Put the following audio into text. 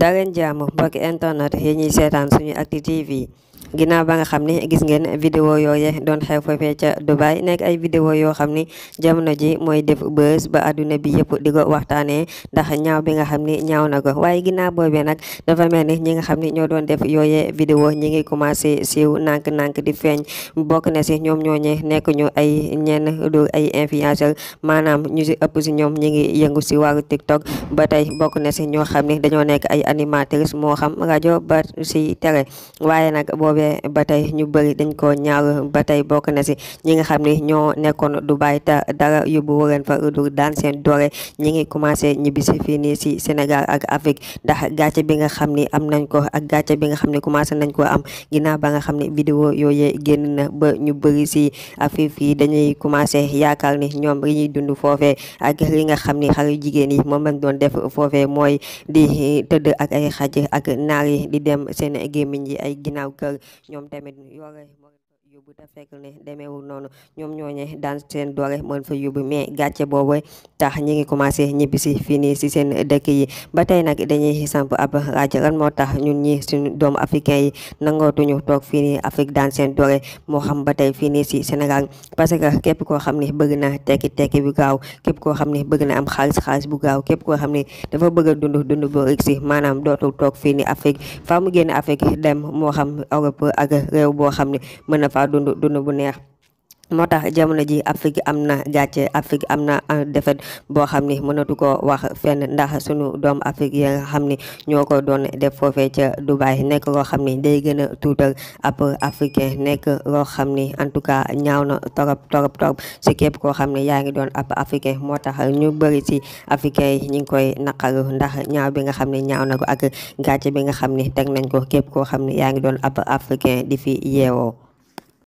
daleen jàmm mbokki internet yi ñuy seetaan suñu Actu TV ginnaaw ba nga xam ni gis ngeen vidéo yooye doon xew foofee ca Dubai nekk ay vidéo yoo xam ni jamono ji mooy def buzz ba adduna bi yëpp di ko waxtaanee ndax ñaaw bi nga xam ni ñaaw na ko waaye ginnaaw boobee nag dafa mel ni ñi nga xam ni ñoo doon def yooye vidéo ñi ngi commencé siiw nànk-nànk di feeñ bokk na si ñoom ñooñe nekk ñu ay ñenn du ay influenceur maanaam ñu si ëpp si ñoom ñi ngi yëngu si wàllu TikTok ba tey bokk na si ñoo xam ni dañoo nekk ay animateurs moo xam rajo ba si boobee ba tey ñu bëri dañ ko ñaaw ba tey bokk na si ñi nga xam ne ñoo nekkoon du Dubaï te dara yóbbu waleen fa du daan seen doole ñi ngi commencé ñibbisi fii nii si Sénégal ak Afrique ndax gàcce bi nga xam ni am nañ ko ak gàcce bi nga xam ne commencé nañ ko am ginnaaw ba nga xam ne vidéo yooyee génn na ba ñu bëri si Afrique yi dañuy commencé yaakaar ni ñoom li ñuy dund foofee ak li nga xam ni xale jigéen yi moom lañ doon def foofee mooy di tëdd ak ay xaj ak naar di dem seen gémmiñ yi ay ginnaaw kër ñoom tamit yooga yóbbu te fekk ne demeewul noonu ñoom ñooñe daan seen doole mën fa yóbbu mais gàcce boobu tax ñi ngi commencé ñibbi si si seen dëkk yi ba tey nag dañuy samp ab laaj moo tax ñun ñi suñu doomu africain yi nangootuñu toog fii nii Afrique daan seen doole moo xam ba tey fii nii si Sénégal parce que képp koo xam ne bëgg na tekki tekki bu gaaw képp koo xam ne bëgg na am xaalis xaalis bu gaaw képp koo xam ne dafa bëgg a dund dund bu rigsi maanaam dootul toog fii waa dund bu neex moo tax jamono ji Afrique am na gàcce Afrique am na euh, défaite boo xam ni mënatu ko wax fenn ndax sunu doom Afrique nga xam ni ñoo ko doon def foofee ca Dubaï nekk loo xam ni day gën a tuutal ab africain nekk loo xam ni en tout cas ñaaw na torop torop torop si képp koo xam ne yaa ngi doon ab africain moo tax ñu bëri si africain yi ñu ngi koy naqaru ndax ñaaw bi nga xam ne ñaaw na ko ak gàcce bi nga xam ni teg nañ ko képp koo xam ne yaa ngi doon ab africain di fi yeewoo